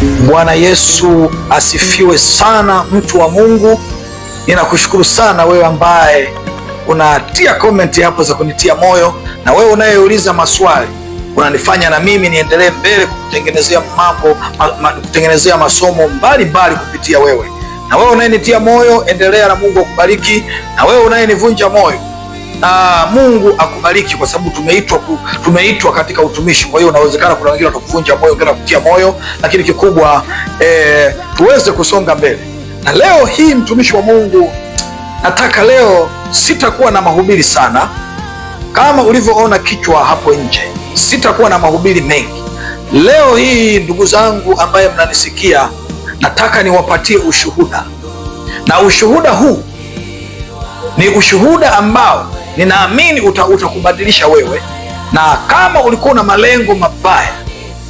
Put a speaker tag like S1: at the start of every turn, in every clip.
S1: Bwana Yesu asifiwe sana, mtu wa Mungu, ninakushukuru sana wewe ambaye unatia komenti hapo za kunitia moyo, na wewe unayeuliza maswali unanifanya na mimi niendelee mbele kukutengenezea mambo ma, ma, kutengenezea masomo mbalimbali mbali kupitia wewe. Na wewe unayenitia moyo, endelea na Mungu akubariki. Na wewe unayenivunja moyo Uh, Mungu akubariki kwa sababu tumeitwa tumeitwa katika utumishi. Kwa hiyo unawezekana kuna wengine watakuvunja moyo, wengine kutia moyo, lakini kikubwa eh, tuweze kusonga mbele. Na leo hii mtumishi wa Mungu, nataka leo sitakuwa na mahubiri sana kama ulivyoona kichwa hapo nje, sitakuwa na mahubiri mengi leo hii. Ndugu zangu ambaye mnanisikia, nataka niwapatie ushuhuda, na ushuhuda huu ni ushuhuda ambao ninaamini uta, utakubadilisha wewe, na kama ulikuwa na malengo mabaya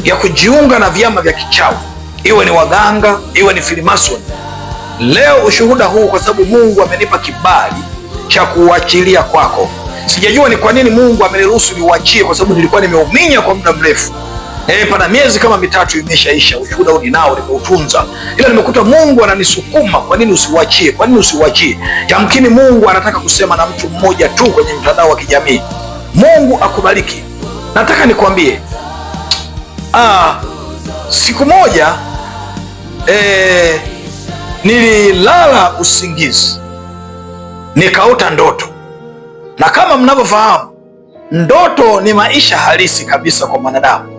S1: ya kujiunga na vyama vya kichawi, iwe ni waganga, iwe ni filimasoni, leo ushuhuda huu, kwa sababu Mungu amenipa kibali cha kuuachilia kwako. Sijajua ni kwa nini Mungu ameniruhusu niuachie, kwa sababu nilikuwa nimeuminya kwa muda mrefu. Eh, pana miezi kama mitatu imeshaisha, ushuhuda huu ninao, nimeutunza, ila nimekuta Mungu ananisukuma, kwa nini usiuachie? Kwa nini usiuachie? Yamkini Mungu anataka kusema na mtu mmoja tu kwenye mtandao wa kijamii. Mungu akubariki. Nataka nikwambie, ah, siku moja eh, nililala usingizi nikaota ndoto, na kama mnavyofahamu ndoto ni maisha halisi kabisa kwa mwanadamu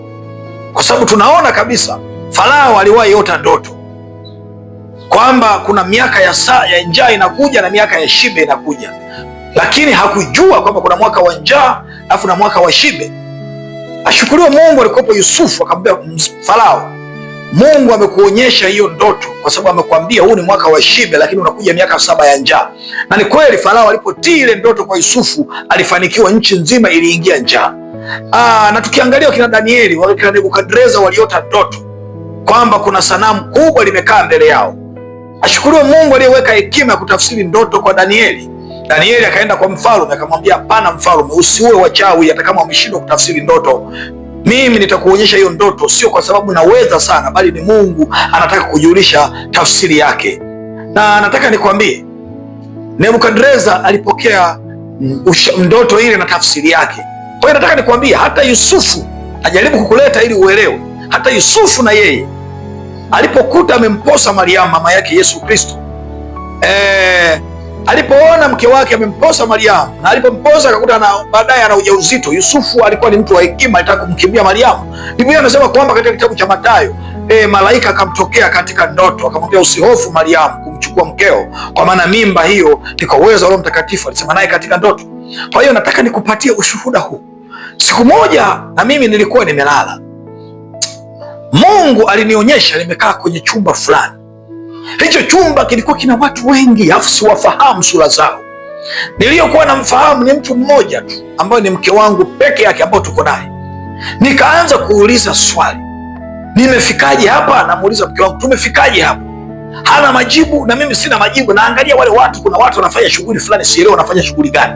S1: kwa sababu tunaona kabisa Farao aliwahi yota ndoto kwamba kuna miaka ya saa ya njaa inakuja na miaka ya shibe inakuja, lakini hakujua kwamba kuna mwaka wa njaa alafu na mwaka wa shibe. Ashukuriwe Mungu, alikuwepo Yusufu akamwambia Farao, Mungu amekuonyesha hiyo ndoto kwa sababu amekwambia huu ni mwaka wa shibe, lakini unakuja miaka saba ya njaa. Na ni kweli Farao alipotii ile ndoto kwa Yusufu alifanikiwa, nchi nzima iliingia njaa. Aa, ah, na tukiangalia wakina Danieli wakina Nebukadreza waliota ndoto kwamba kuna sanamu kubwa limekaa mbele yao. Ashukuriwe Mungu aliyeweka hekima ya kutafsiri ndoto kwa Danieli. Danieli akaenda kwa mfalme akamwambia, hapana mfalme, usiue wachawi, hata kama umeshindwa kutafsiri ndoto mimi nitakuonyesha hiyo ndoto, sio kwa sababu naweza sana, bali ni Mungu anataka kujulisha tafsiri yake. Na nataka nikwambie, Nebukadreza alipokea mm, ndoto ile na tafsiri yake. Kwa hiyo nataka nikwambie, hata Yusufu najaribu kukuleta ili uelewe, hata Yusufu na yeye alipokuta amemposa Mariamu mama yake Yesu Kristo e, alipoona mke wake amemposa Mariamu na alipomposa akakuta na baadaye ana ujauzito. Yusufu alikuwa ni mtu wa hekima, alitaka kumkimbia Mariamu. Biblia anasema kwamba katika kitabu cha Mathayo e, malaika akamtokea katika ndoto akamwambia, usihofu Mariamu kumchukua mkeo, kwa maana mimba hiyo ni kwa uwezo wa Roho Mtakatifu, alisema naye katika ndoto. Kwa hiyo nataka nikupatie ushuhuda huu Siku moja na mimi nilikuwa nimelala, Mungu alinionyesha nimekaa kwenye chumba fulani. Hicho chumba kilikuwa kina watu wengi, afu siwafahamu sura zao. Niliyokuwa namfahamu ni mtu mmoja tu ambaye ni mke wangu peke yake ambao tuko naye. Nikaanza kuuliza swali, nimefikaje hapa? Namuuliza mke wangu, tumefikaje hapa? hana majibu na mimi sina majibu. Naangalia wale watu, kuna watu wanafanya shughuli fulani, sielewi wanafanya shughuli gani,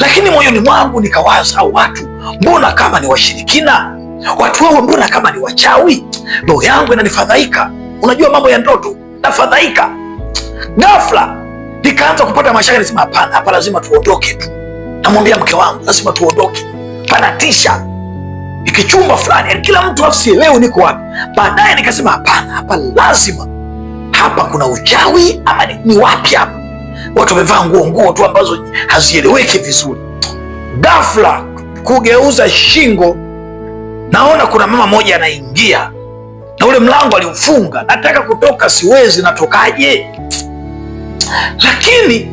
S1: lakini moyoni mwangu nikawaza, au watu mbona kama ni washirikina, watu wao mbona kama ni wachawi. Roho yangu inanifadhaika, unajua mambo ya ndoto, nafadhaika. Ghafla nikaanza kupata mashaka, nisema hapana, hapa lazima tuondoke tu. Namwambia mke wangu, lazima tuondoke, panatisha ikichumba fulani, yaani kila mtu asielewe niko wapi. Baadaye nikasema hapana, hapa lazima hapa kuna uchawi ama ni wapi hapa? Watu wamevaa nguo nguo tu ambazo hazieleweki vizuri. Ghafla kugeuza shingo, naona kuna mama moja anaingia na ule mlango aliufunga. Nataka kutoka, siwezi, natokaje? Lakini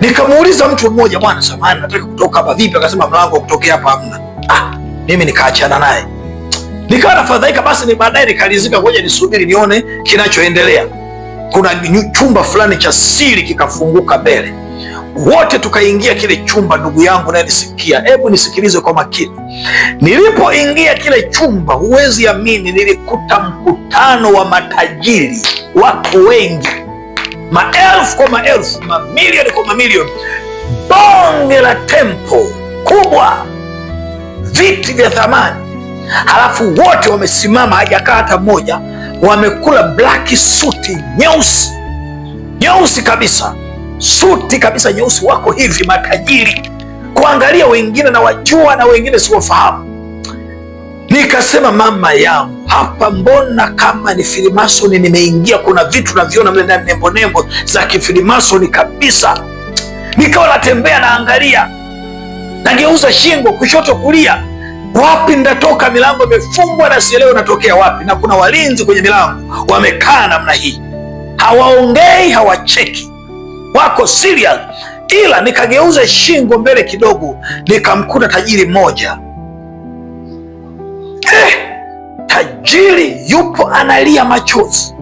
S1: nikamuuliza mtu mmoja, bwana, samani, nataka kutoka hapa, vipi? Akasema mlango wa kutokea hapa hamna. Ah, mimi nikaachana naye. Nikawa nafadhaika, basi ni baadaye nikalizika, ngoja nisubiri nione kinachoendelea. Kuna chumba fulani cha siri kikafunguka mbele, wote tukaingia kile chumba. Ndugu yangu naye nisikia, hebu nisikilize kwa makini. Nilipoingia kile chumba, huwezi amini, nilikuta mkutano wa matajiri, watu wengi, maelfu kwa maelfu, mamilioni kwa mamilioni, bonge la tempo kubwa, viti vya thamani halafu wote wamesimama, hajakaa hata mmoja, wamekula black suti nyeusi nyeusi kabisa, suti kabisa nyeusi, wako hivi matajiri kuangalia wengine na wajua na wengine siwafahamu. Nikasema mama yangu, hapa mbona kama ni filimasoni nimeingia? Kuna vitu navyona mle ndani, nembo nembo za kifilimasoni kabisa. Nikawa natembea naangalia, nageuza shingo kushoto kulia wapi ndatoka Milango imefungwa na sielewe unatokea wapi, na kuna walinzi kwenye milango wamekaa namna hii, hawaongei, hawacheki, wako serious. Ila nikageuza shingo mbele kidogo, nikamkuta tajiri mmoja eh, tajiri yupo analia machozi,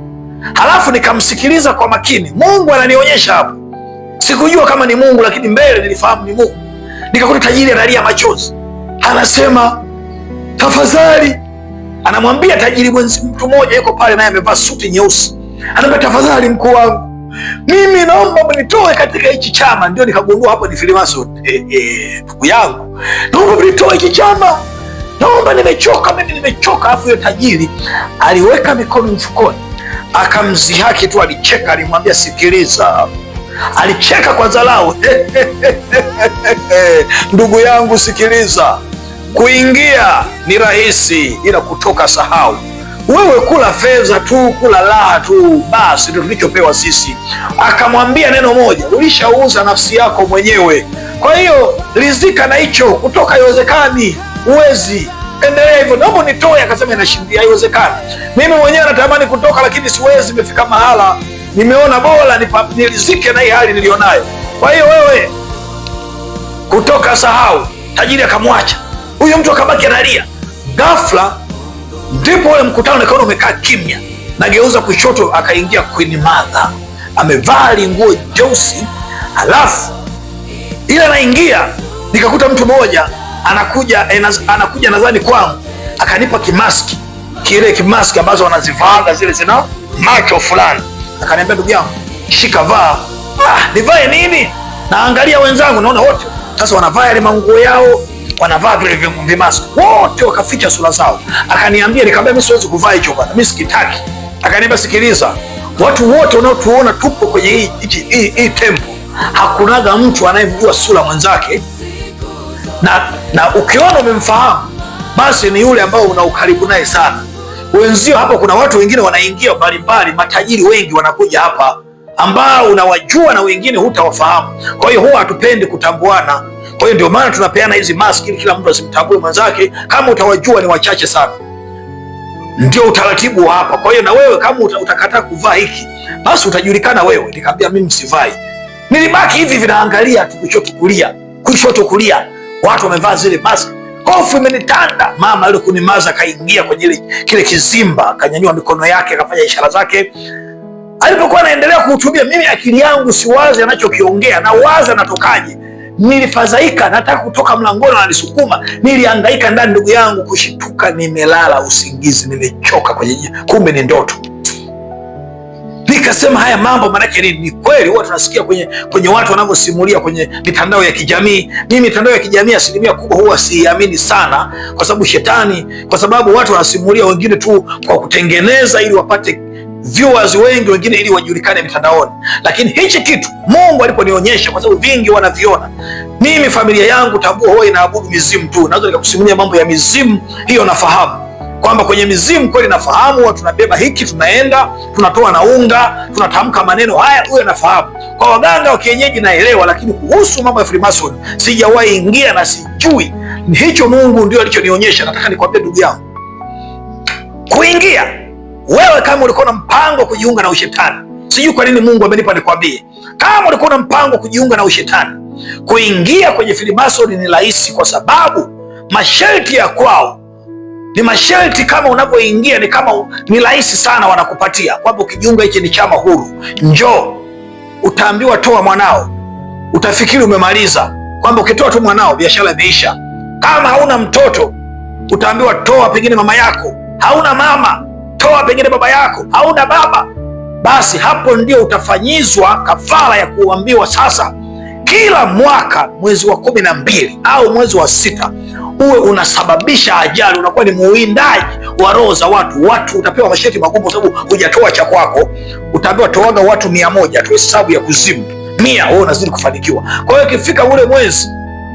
S1: halafu nikamsikiliza kwa makini. Mungu ananionyesha hapo, sikujua kama ni Mungu, lakini mbele nilifahamu ni Mungu. Nikakuta tajiri analia machozi, anasema tafadhali, anamwambia tajiri mwenzi, mtu mmoja yuko pale naye amevaa suti nyeusi, anaambia tafadhali, mkuu wangu mimi naomba mnitoe katika hichi chama. Ndio nikagundua hapo ni filimaso. Eh, eh, ndugu yangu, naomba mnitoe hichi chama, naomba nimechoka, mimi nimechoka. Alafu hiyo tajiri aliweka mikono mfukoni, akamzihaki tu, alicheka, alimwambia sikiliza, alicheka kwa dharau. Ndugu yangu, sikiliza Kuingia ni rahisi, ila kutoka sahau. Wewe kula fedha tu, kula raha tu, basi ndio tulichopewa sisi. Akamwambia neno moja, ulishauza nafsi yako mwenyewe. Kwa hiyo rizika na hicho, kutoka haiwezekani, uwezi endelea hivyo, naomba nitoe. Akasema inashindia, haiwezekani. Mimi mwenyewe natamani kutoka, lakini siwezi. Imefika mahala nimeona bora nirizike na hii hali niliyonayo Kwa hiyo wewe kutoka sahau. Tajiri akamwacha huyo mtu akabaki analia. Ghafla ndipo ule mkutano nikaona umekaa kimya, nageuza kushoto, akaingia Queen Mother amevaa linguo jeusi, halafu ila anaingia, nikakuta mtu mmoja anakuja, eh, anakuja nadhani kwangu, akanipa kimaski kile kimaski ambazo wanazivaaga zile zina macho fulani, akaniambia ndugu yangu, shika vaa. Ah, nivae nini? Naangalia wenzangu, naona wote sasa wanavaa yale manguo yao wanavaa vile vimaski wote wakaficha sura zao. Akaniambia, nikamwambia mimi siwezi kuvaa hicho bwana, mimi sikitaki. Akaniambia, sikiliza, watu wote wanaotuona tupo kwenye hii hii hii tempo, hakunaga mtu anayejua sura mwenzake, na, na ukiona umemfahamu basi ni yule ambao una ukaribu naye sana. Wenzio hapa kuna watu wengine wanaingia mbalimbali, matajiri wengi wanakuja hapa ambao unawajua na wengine hutawafahamu. Kwa hiyo huwa hatupendi kutambuana. Kwa hiyo ndio maana tunapeana hizi maski ili kila mtu asimtambue mwenzake. Kama utawajua ni wachache sana, ndio utaratibu wa hapa. Kwa hiyo na wewe kama utakataa kuvaa hiki, basi utajulikana wewe. Nikamwambia mimi msivai, nilibaki hivi vinaangalia tu, kushoto kulia, kushoto kulia, watu wamevaa zile maski. Hofu imenitanda. Mama yule kunimaza kaingia kwenye ile kile kizimba, kanyanyua mikono yake, akafanya ishara zake alipokuwa anaendelea kuhutubia, mimi akili yangu siwazi anachokiongea, na wazi anatokaje Nilifadhaika, nataka kutoka mlangoni, ananisukuma. Nilihangaika ndani, ndugu yangu, kushituka, nimelala usingizi, nimechoka kwenye, kumbe ni ndoto. Nikasema haya mambo maanake nini? Ni kweli, huwa tunasikia kwenye, kwenye watu wanavyosimulia kwenye mitandao ya kijamii. Mimi mitandao ya kijamii asilimia kubwa huwa siiamini sana, kwa sababu shetani, kwa sababu watu wanasimulia wengine tu kwa kutengeneza ili wapate viewers wengi wengine ili wajulikane mitandaoni, lakini hichi kitu Mungu aliponionyesha, kwa sababu vingi wanaviona. Mimi familia yangu tambua, huwa inaabudu mizimu tu. Naweza nikakusimulia mambo ya mizimu hiyo, nafahamu kwamba kwenye mizimu kweli nafahamu, tunabeba hiki, tunaenda tunatoa na unga, tunatamka maneno haya, huyo nafahamu. Kwa waganga wa kienyeji naelewa, lakini kuhusu mambo ya Freemason sijawahi ingia na sijui. Hicho Mungu ndio alichonionyesha. Nataka nikwambie ndugu yangu, kuingia wewe kama ulikuwa na mpango wa kujiunga na ushetani, sijui kwa nini Mungu amenipa nikwambie. Kama ulikuwa na mpango wa kujiunga na ushetani, kuingia kwenye filimasoni ni rahisi, kwa sababu masharti ya kwao ni masharti kama unavyoingia ni kama ni rahisi sana, wanakupatia kwamba ukijiunga hichi ni chama huru, njoo. Utaambiwa toa mwanao, utafikiri umemaliza, kwamba ukitoa tu mwanao biashara imeisha. Kama hauna mtoto, utaambiwa toa pengine mama yako, hauna mama ukawa pengine baba yako hauna baba, basi hapo ndio utafanyizwa kafara ya kuambiwa sasa, kila mwaka mwezi wa kumi na mbili au mwezi wa sita uwe unasababisha ajali, unakuwa ni muwindaji wa roho za watu. Watu utapewa masheti magumu, sababu hujatoa cha kwako. Utaambiwa toaga watu mia moja tu, hesabu ya kuzimu mia, wewe unazidi kufanikiwa. Kwa hiyo ikifika ule mwezi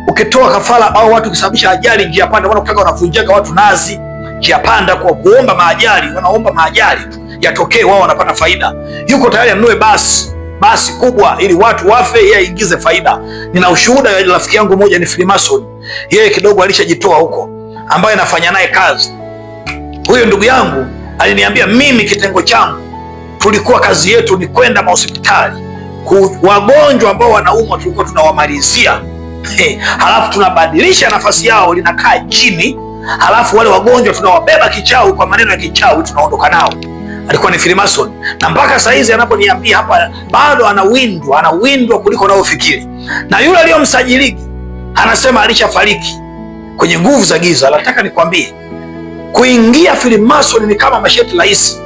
S1: ukitoa kafara au watu ukisababisha ajali njia panda, maana kutaka wanavunjaga watu nazi njia panda kwa kuomba maajali, wanaomba maajali yatokee, wao wanapata faida. Yuko tayari anunue basi basi kubwa ili watu wafe, yeye aingize faida. Nina ushuhuda wa rafiki yangu mmoja, ni Freemason, yeye kidogo alishajitoa huko, ambaye nafanya naye kazi. Huyo ndugu yangu aliniambia mimi, kitengo changu tulikuwa kazi yetu ni kwenda mahospitali, wagonjwa ambao wanaumwa tulikuwa tunawamalizia, halafu tunabadilisha nafasi yao, linakaa chini alafu wale wagonjwa tunawabeba kichawi kwa maneno ya kichawi tunaondoka nao. Alikuwa ni Freemason na mpaka saa hizi anaponiambia hapa bado anawindwa, anawindwa kuliko unavyofikiri. Na yule aliyomsajiliki anasema alishafariki kwenye nguvu za giza. Nataka nikwambie kuingia Freemason ni kama masheti rahisi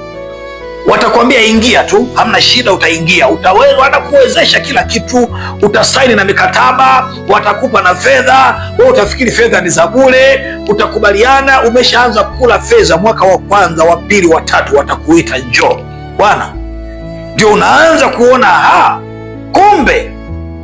S1: watakwambia ingia tu, hamna shida, utaingia, utaweza, watakuwezesha kila kitu, utasaini na mikataba, watakupa na fedha, wewe utafikiri fedha ni za bure, utakubaliana, umeshaanza kula fedha. Mwaka wa kwanza, wa pili, wa tatu, watakuita njoo bwana, ndio unaanza kuona ha, kumbe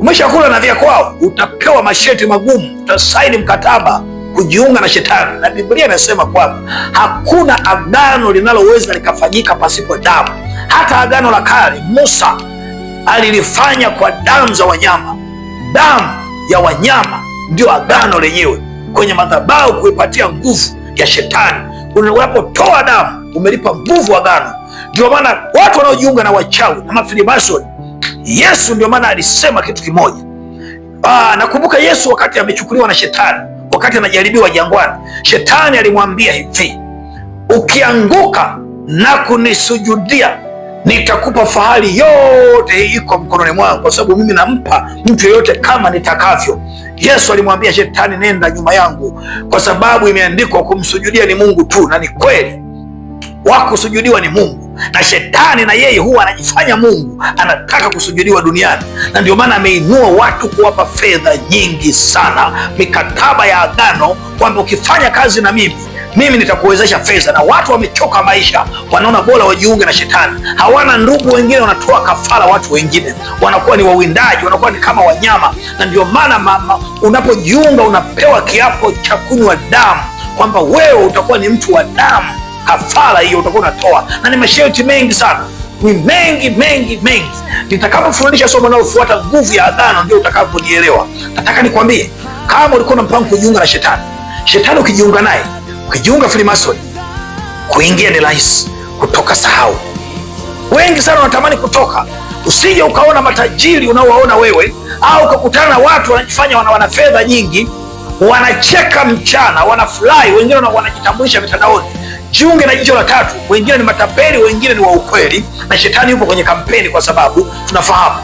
S1: umeshakula na vya kwao. Utapewa masheti magumu, utasaini mkataba kujiunga na shetani, na Biblia inasema kwamba hakuna agano linaloweza likafanyika pasipo damu. Hata agano la kale Musa alilifanya kwa damu za wanyama. Damu ya wanyama ndio agano lenyewe kwenye madhabahu kuipatia nguvu ya shetani. Unapotoa damu umelipa nguvu agano. Ndio maana watu wanaojiunga na wachawi na mafilimasoni, Yesu ndio maana alisema kitu kimoja. Aa, ah, nakumbuka Yesu wakati amechukuliwa na shetani wakati anajaribiwa jangwani, shetani alimwambia hivi, ukianguka na kunisujudia nitakupa fahari yote hii iko mkononi mwangu, kwa sababu mimi nampa mtu yeyote kama nitakavyo. Yesu alimwambia shetani, nenda nyuma yangu, kwa sababu imeandikwa kumsujudia ni Mungu tu, na ni kweli, wakusujudiwa ni Mungu na shetani na yeye huwa anajifanya Mungu, anataka kusujudiwa duniani, na ndio maana ameinua watu kuwapa fedha nyingi sana, mikataba ya agano kwamba ukifanya kazi na mimi mimi nitakuwezesha fedha. Na watu wamechoka maisha, wanaona bora wajiunge na shetani. Hawana ndugu wengine, wanatoa kafara watu wengine, wanakuwa ni wawindaji, wanakuwa ni kama wanyama. Na ndio maana unapojiunga unapewa kiapo cha kunywa damu, kwamba wewe utakuwa ni mtu wa damu kafara hiyo utakuwa unatoa, na ni masharti mengi sana, ni mengi mengi mengi. Nitakapofundisha somo linalofuata nguvu ya adhana, ndio utakapojielewa. Nataka nikwambie, kama ulikuwa na mpango kujiunga na shetani, shetani ukijiunga naye, ukijiunga Freemason, kuingia ni rahisi, kutoka sahau. Wengi sana wanatamani kutoka. Usije ukaona matajiri unaowaona wewe au ukakutana na watu wanajifanya wana, wana fedha nyingi, wanacheka mchana, wanafurahi, wengine wanajitambulisha mitandaoni Jiunge na jicho la tatu. Wengine ni matapeli, wengine ni wa ukweli, na shetani yupo kwenye kampeni, kwa sababu tunafahamu,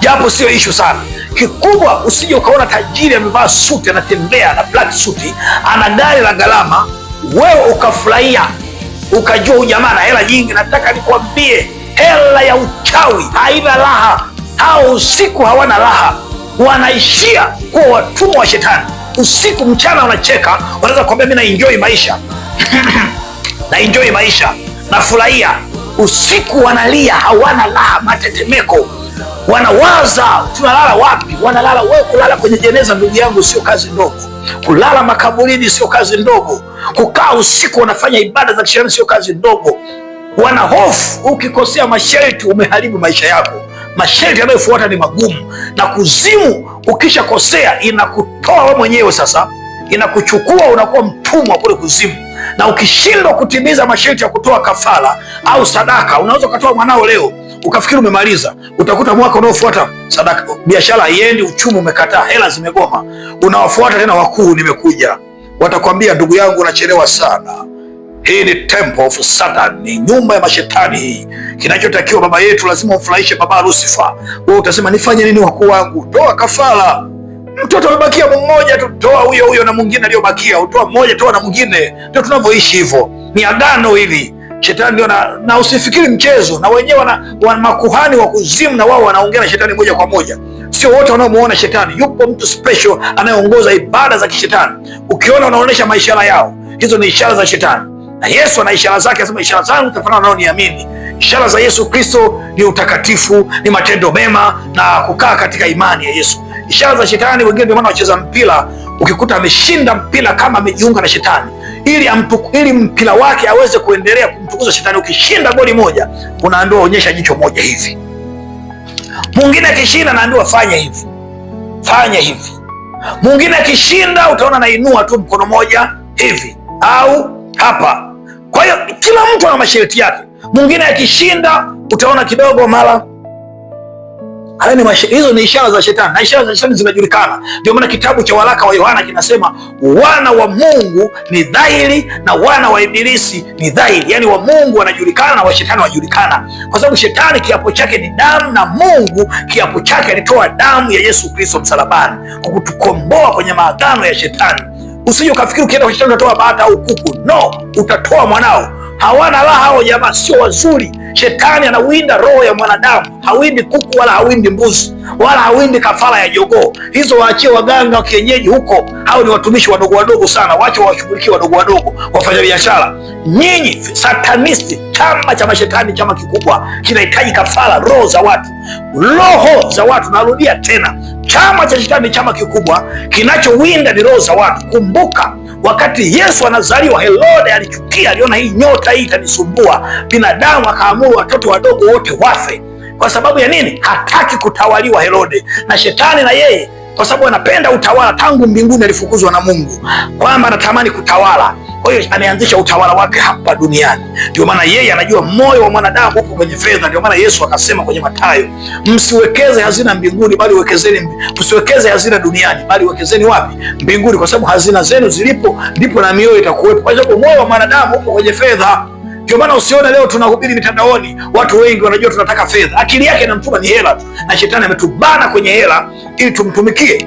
S1: japo sio ishu sana. Kikubwa usije ukaona tajiri amevaa suti, anatembea na black suit, ana gari la gharama, wewe ukafurahia, ukajua ujamaa na hela nyingi. Nataka nikwambie, hela ya uchawi haina raha. Hao usiku hawana raha, wanaishia kuwa watumwa wa shetani. Usiku mchana wanacheka, wanaweza kuambia mi na enjoy maisha na enjoy maisha, nafurahia usiku, wanalia hawana raha, matetemeko, wanawaza tunalala wapi, wanalala wewe. Kulala kwenye jeneza, ndugu yangu, sio kazi ndogo. Kulala makaburini sio kazi ndogo. Kukaa usiku wanafanya ibada za kishetani sio kazi ndogo. Wana hofu, ukikosea masharti umeharibu maisha yako. Masharti yanayofuata ni magumu, na kuzimu ukishakosea inakutoa wewe mwenyewe, sasa inakuchukua unakuwa mtumwa kule kuzimu na ukishindwa kutimiza masharti ya kutoa kafara au sadaka, unaweza ukatoa mwanao leo ukafikiri umemaliza, utakuta mwaka unaofuata sadaka, biashara haiendi, uchumi umekataa, hela zimegoma. Unawafuata tena wakuu, nimekuja, watakwambia ndugu yangu, unachelewa sana. Hii ni temple of Satan, ni nyumba ya mashetani hii. Kinachotakiwa baba yetu lazima umfurahishe baba Lucifer. Wewe utasema nifanye nini wakuu wangu? Toa kafara mtoto amebakia mmoja tu, toa huyo huyo na mwingine aliyobakia, utoa mmoja, toa na mwingine. Ndio tunavyoishi hivyo, ni agano hili. Shetani ndio na, na usifikiri mchezo, na wenyewe wana, wana makuhani wa kuzimu, na wao wanaongea na shetani moja kwa moja. Sio wote wanaomuona shetani, yupo mtu special anayeongoza ibada za kishetani. Ukiona wanaonyesha maishara yao, hizo ni ishara za shetani. Na Yesu ana ishara zake, anasema ishara zangu tafanana nao niamini. Ishara za Yesu Kristo ni utakatifu, ni matendo mema na kukaa katika imani ya Yesu ishara za shetani. Wengine ndio maana wacheza mpira, ukikuta ameshinda mpira kama amejiunga na shetani, ili amtu, ili mpira wake aweze kuendelea kumtukuza shetani. Ukishinda goli moja unaambiwa onyesha jicho moja hivi, mwingine akishinda naambiwa fanya hivi, fanya hivi. Mwingine akishinda utaona nainua tu mkono moja hivi au hapa. Kwa hiyo kila mtu ana masharti yake. Mwingine akishinda utaona kidogo mara Hizo ni ishara za shetani, na ishara za shetani zinajulikana. Ndio maana kitabu cha waraka wa Yohana kinasema wana wa Mungu ni dhahiri na wana wa Ibilisi ni dhahiri. yaani wa Mungu wanajulikana na wa shetani wanajulikana, kwa sababu shetani kiapo chake ni damu, na Mungu kiapo chake alitoa damu ya Yesu Kristo msalabani kwa kutukomboa kwenye maagano ya shetani. Usije ukafikiri ukienda kwa shetani utatoa bata au kuku. No, utatoa mwanao. Hawana raha hao jamaa, sio wazuri Shetani anawinda roho ya mwanadamu, hawindi kuku wala hawindi mbuzi wala hawindi kafara ya jogoo. Hizo waachie waganga wa kienyeji huko, hao ni watumishi wadogo wadogo sana, wache wawashughulikie wadogo wadogo, wafanyabiashara. Nyinyi satanisti, chama cha mashetani, chama kikubwa kinahitaji kafara, roho za watu roho za watu. Narudia tena, chama cha shetani ni chama kikubwa kinachowinda ni roho za watu. Kumbuka wakati Yesu anazaliwa, Herode alichukia, aliona hii nyota hii itanisumbua. Binadamu akaamuru watoto wadogo wote wafe. Kwa sababu ya nini? Hataki kutawaliwa Herode na shetani, na yeye kwa sababu anapenda utawala. Tangu mbinguni alifukuzwa na Mungu kwamba anatamani kutawala, kwa hiyo ameanzisha utawala wake hapa duniani. Ndio maana yeye anajua moyo wa mwanadamu huko kwenye fedha. Ndio maana Yesu akasema kwenye Mathayo, msiwekeze hazina mbinguni, bali wekezeni, msiwekeze hazina duniani, bali wekezeni wapi? Mbinguni, kwa sababu hazina zenu zilipo ndipo na mioyo itakuwepo. Kwa hiyo moyo wa mwanadamu huko kwenye fedha. Ndio maana usiona leo tunahubiri mitandaoni, watu wengi wanajua tunataka fedha, akili yake inamtuma ni hela tu, na shetani ametubana kwenye hela ili tumtumikie.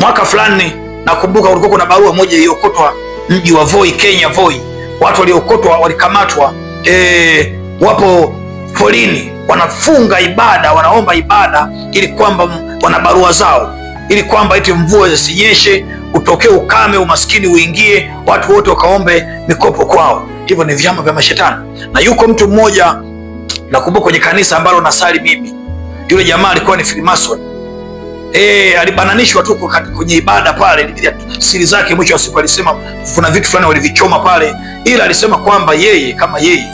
S1: Mwaka fulani nakumbuka kulikuwa kuna barua moja iliyokotwa mji wa Voi, Kenya, Voi, watu waliokotwa walikamatwa, e, wapo polini wanafunga ibada, wanaomba ibada ili kwamba wana barua zao, ili kwamba eti mvua zisinyeshe, utokee ukame, umaskini uingie, watu wote wakaombe mikopo kwao hivyo ni vyama vya mashetani. Na yuko mtu mmoja nakumbuka kwenye kanisa ambalo nasali mimi, yule jamaa alikuwa ni Freemason. Eh, alibananishwa tu kwenye ibada pale, siri zake. Mwisho wa siku alisema kuna vitu fulani walivichoma pale, ila alisema kwamba yeye kama yeye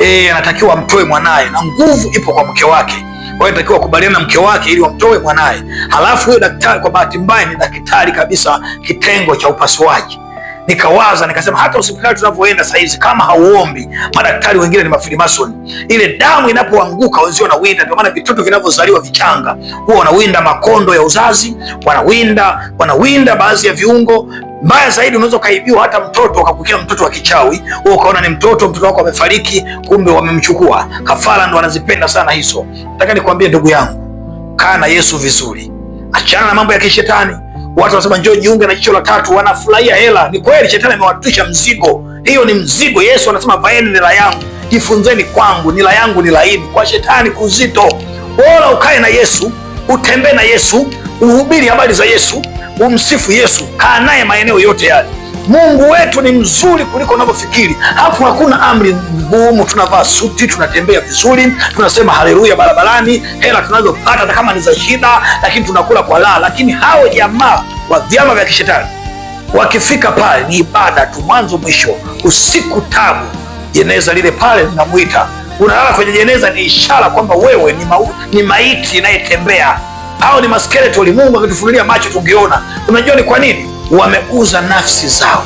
S1: eh, anatakiwa amtoe mwanaye na nguvu ipo kwa mke wake. Kwa hiyo anatakiwa kubaliana na mke wake ili wamtoe mwanaye. Halafu huyo daktari, kwa bahati mbaya, ni daktari kabisa kitengo cha upasuaji. Nikawaza nikasema hata hospitali tunavyoenda saa hizi, kama hauombi, madaktari wengine ni mafilimason, ile damu inapoanguka wenzio wanawinda. Ndio maana vitoto vinavyozaliwa vichanga huwa wanawinda makondo ya uzazi, wanawinda wanawinda baadhi ya viungo. Mbaya zaidi, unaweza ukaibiwa hata mtoto, akakukia mtoto wa kichawi, wewe ukaona ni mtoto, mtoto wako amefariki, kumbe wamemchukua. Kafara ndo wanazipenda sana hizo. Nataka nikwambie ndugu yangu, kaa na Yesu vizuri, achana na mambo ya kishetani. Watu wanasema njoo jiunge na jicho la tatu, wanafurahia hela. Ni kweli, shetani amewatisha mzigo, hiyo ni mzigo. Yesu anasema vaeni nira yangu, jifunzeni kwangu, nira yangu ni laini, kwa shetani kuzito. Bora ukae na Yesu, utembee na Yesu, uhubiri habari za Yesu, umsifu Yesu, kaa naye maeneo yote yale. Mungu wetu ni mzuri kuliko unavyofikiri. Alafu hakuna amri ngumu, tunavaa suti, tunatembea vizuri, tunasema haleluya barabarani, hela tunazopata hata kama ni za shida, lakini tunakula kwa raha. Lakini hao jamaa wa vyama vya kishetani wakifika pale ni ibada tu, mwanzo mwisho, usiku tabu. Jeneza lile pale linamwita, unalala kwenye jeneza, ni ishara kwamba wewe ni, ma ni maiti inayetembea. Hao ni maskeletoli. Mungu akitufunulia macho tungeona. Unajua ni kwa nini? wameuza nafsi zao,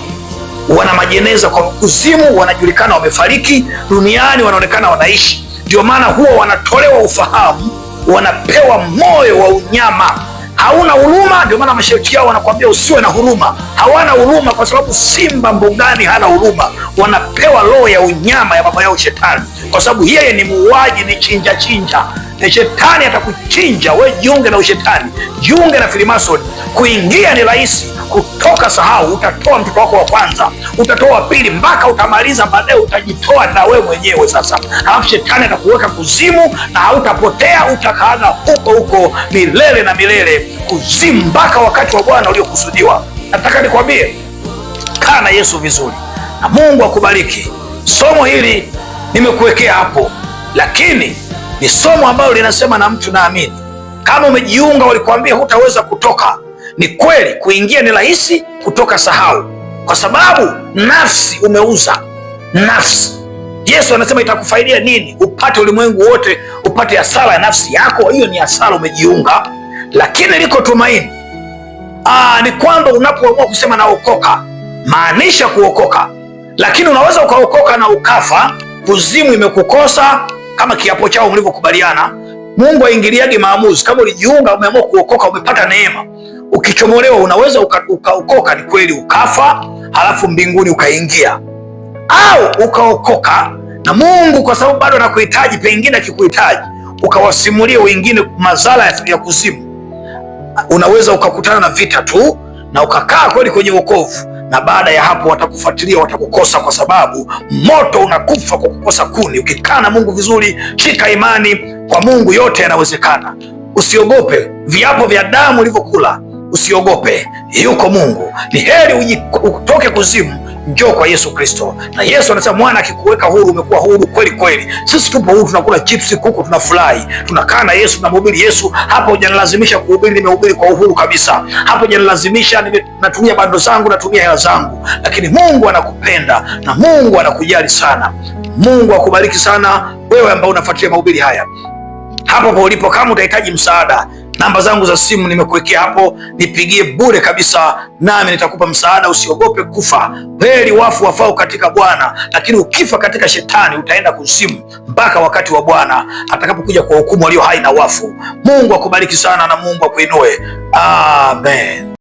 S1: wana majeneza kwa kuzimu, wanajulikana wamefariki duniani, wanaonekana wanaishi. Ndio maana huwa wanatolewa ufahamu, wanapewa moyo wa unyama, hauna huruma. Ndio maana mashariki yao wanakuambia usiwe na huruma. Hawana huruma kwa sababu simba mbugani hana huruma. Wanapewa roho ya unyama ya baba yao Shetani, kwa sababu yeye ni muuaji, ni chinja chinja na shetani atakuchinja. We jiunge na ushetani, jiunge na filimasoni. Kuingia ni rahisi, kutoka sahau, utatoa mtoto wako wa kwanza, utatoa wa pili mpaka utamaliza, baadaye utajitoa na wewe mwenyewe sasa. Halafu shetani atakuweka kuzimu na hautapotea, utakaana huko huko milele na milele, kuzimu mpaka wakati wa Bwana uliokusudiwa. Nataka nikwambie, kaa na Yesu vizuri, na Mungu akubariki. Somo hili nimekuwekea hapo, lakini ni somo ambalo linasema na mtu naamini, kama umejiunga, walikwambia hutaweza kutoka ni kweli kuingia ni rahisi, kutoka sahau, kwa sababu nafsi umeuza nafsi. Yesu anasema itakufaidia nini upate ulimwengu wote upate hasara ya nafsi yako? Hiyo ni hasara, umejiunga. Lakini liko tumaini. Aa, ni kwamba unapoamua kusema naokoka, maanisha kuokoka. Lakini unaweza ukaokoka na ukafa, kuzimu imekukosa kama kiapo chao mlivyokubaliana. Mungu aingiliaje maamuzi? Kama ulijiunga, umeamua kuokoka, umepata neema ukichomolewa unaweza ukaokoka, ni kweli, ukafa halafu mbinguni ukaingia, au ukaokoka na Mungu kwa sababu bado anakuhitaji, pengine akikuhitaji, ukawasimulia wengine madhara ya kuzimu. Unaweza ukakutana na vita tu na ukakaa kweli kwenye wokovu, na baada ya hapo watakufuatilia, watakukosa, kwa sababu moto unakufa kwa kukosa kuni. Ukikaa na Mungu vizuri, shika imani kwa Mungu, yote yanawezekana. Usiogope viapo vya damu ulivyokula Usiogope, yuko Mungu. Ni heri utoke kuzimu, njoo kwa Yesu Kristo. Na Yesu anasema mwana akikuweka huru, umekuwa huru kweli kweli. Sisi tupo huru, tunakula chipsi, kuku, tunafurahi, tunakaa na Yesu, tunamhubiri Yesu. Hapo hujanilazimisha kuhubiri, nimehubiri kwa uhuru kabisa. Hapo hujanilazimisha, natumia bando zangu, natumia hela zangu, lakini Mungu anakupenda na Mungu anakujali sana. Mungu akubariki sana wewe ambao unafuatilia mahubiri haya hapo ulipo. Kama utahitaji msaada namba zangu za simu nimekuwekea hapo, nipigie bure kabisa, nami nitakupa msaada. Usiogope kufa, heri wafu wafao katika Bwana, lakini ukifa katika shetani utaenda kuzimu mpaka wakati wa Bwana atakapokuja kwa hukumu walio hai na wafu. Mungu akubariki sana na Mungu akuinue. Amen.